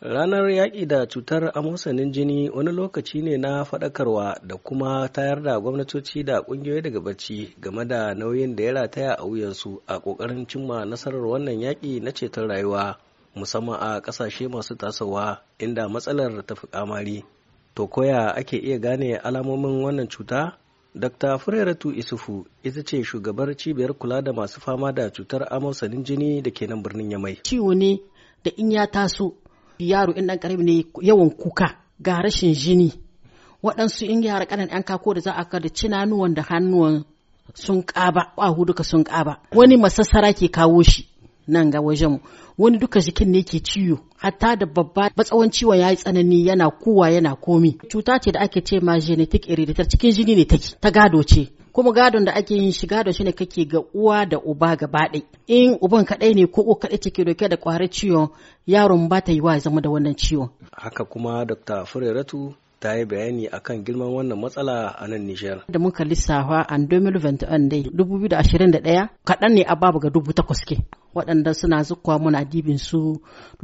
Ranar yaƙi da cutar amosanin jini wani lokaci ne na faɗakarwa da kuma tayar da gwamnatoci da ƙungiyoyi daga bacci game da nauyin da ya rataya a wuyansu a ƙoƙarin cimma nasarar wannan yaƙi na ceton rayuwa musamman a ƙasashe masu tasowa inda matsalar ta fi kamari. To koya ake iya gane alamomin wannan cuta? Dr. Fureratu Isufu ita ce shugabar cibiyar kula da masu fama da cutar amosanin jini da ke nan birnin Yamai. Ciwo ne da in ya taso yaro in dan ƙarami ne yawan kuka ga rashin jini waɗansu in yara kanan ‘yan kako da za a da cinanuwan da hannuwan sun ƙaba ƙwahu duka sun ƙaba wani masassara ke kawo shi nan ga wajen wani duka jikin ne ke ciwo hatta da babba matsawan ciwon ya yi tsanani yana kowa yana komi cuta ce da ake ce ma genetic hereditary cikin jini ne take ta gado ce kuma gadon da ake yin shi gado shine kake ga uwa da uba gaba ɗai in uban kaɗai ne ko kaɗai take dauke da ƙwarar ciwon yaron ba ta yi wa zama da wannan ciwon haka kuma dr fureratu ta yi bayani a kan girman wannan matsala a nan Nijar. Da muka lissafa a 2021 dai 2021 kaɗan ne a babu ga dubu takwas ke. waɗanda suna zukuwa muna dibin su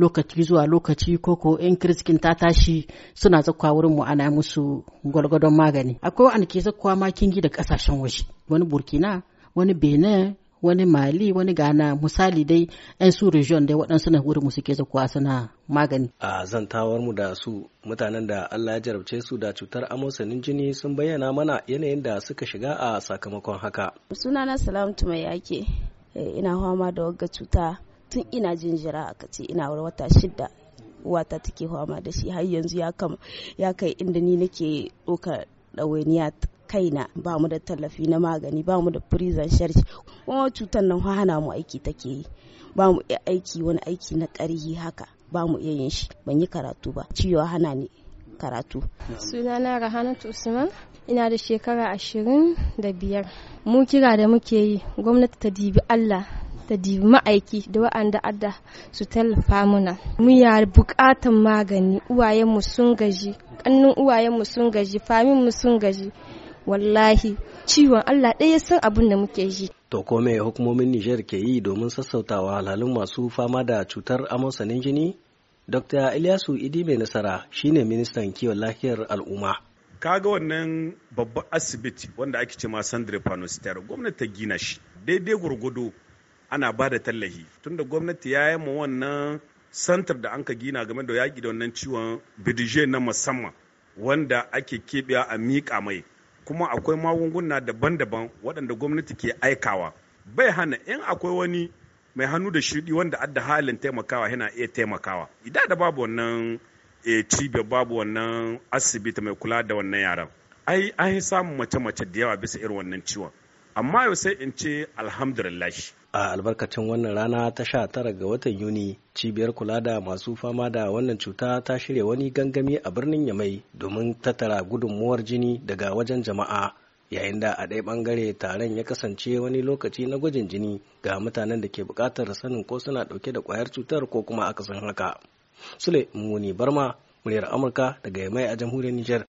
lokaci zuwa lokaci ko ko in kiriskin ta tashi suna zukuwa wurin mu ana musu gwalgwadon magani. Akwai waɗanda ke zukuwa ma kingi da ƙasashen waje wani Burkina wani Benin wani mali wani gana misali dai yan su region dai waɗansu na wurin suke zakuwa suna magani a zantawar mu da su mutanen da allah ya jarabce su da cutar amosanin jini sun bayyana mana yanayin da suka shiga a sakamakon haka sunana salamtu mai yake eh, ina fama da wagga cuta tun ina jinjira a kace ina wata shida uwata take fama da shi har yanzu ya kai inda ni nake ɗaukar ɗawainiya kaina ba mu da tallafi na magani ba mu da prison search kuma cutar nan hana mu aiki take yi ba mu iya aiki wani aiki na ƙarhi haka ba mu iya yin shi ban yi karatu ba ciwo hana ne karatu sunana rahanatu usman ina da shekara ashirin da biyar mu kira da muke yi gwamnati ta dibi allah ta dibi ma'aiki da wa'anda adda su tallafa muna mu ya bukatan magani uwayenmu sun gaji kannin uwayenmu sun gaji famin mu sun gaji wallahi ciwon Allah ɗaya san abin da muke yi. To ko hukumomin Nijar ke yi domin sassautawa alhalun masu fama da cutar amosanin jini? Dr. Ilyasu Idi mai nasara shine ministan kiwon lafiyar al'umma. Kaga wannan babban asibiti wanda ake ce ma Sandra Panostero gwamnati ta gina shi daidai gurgudu ana ba da tallahi tunda gwamnati ya yi ma wannan santar da anka gina game da yaƙi da wannan ciwon bidije na musamman wanda ake keɓewa a miƙa mai kuma akwai magunguna daban-daban waɗanda gwamnati ke aikawa bai hana in akwai wani mai hannu da shirɗi wanda adda halin taimakawa yana iya taimakawa idan da babu wannan eh, cibiyar babu wannan asibiti mai kula da wannan yaran ai an samun mace-mace da yawa bisa irin wannan ciwon amma yau sai in ce alhamdulillah a albarkacin wannan rana ta sha tara ga watan yuni cibiyar kula da masu fama da wannan cuta ta shirya wani gangami a birnin yamai domin tattara gudunmuwar jini daga wajen jama'a yayin da a ɗaya ɓangare taron ya kasance wani lokaci na gwajin jini ga mutanen da ke buƙatar sanin ko suna ɗauke da ƙwayar cutar ko kuma akasin haka sule muni barma muryar amurka daga yamai a jamhuriyar niger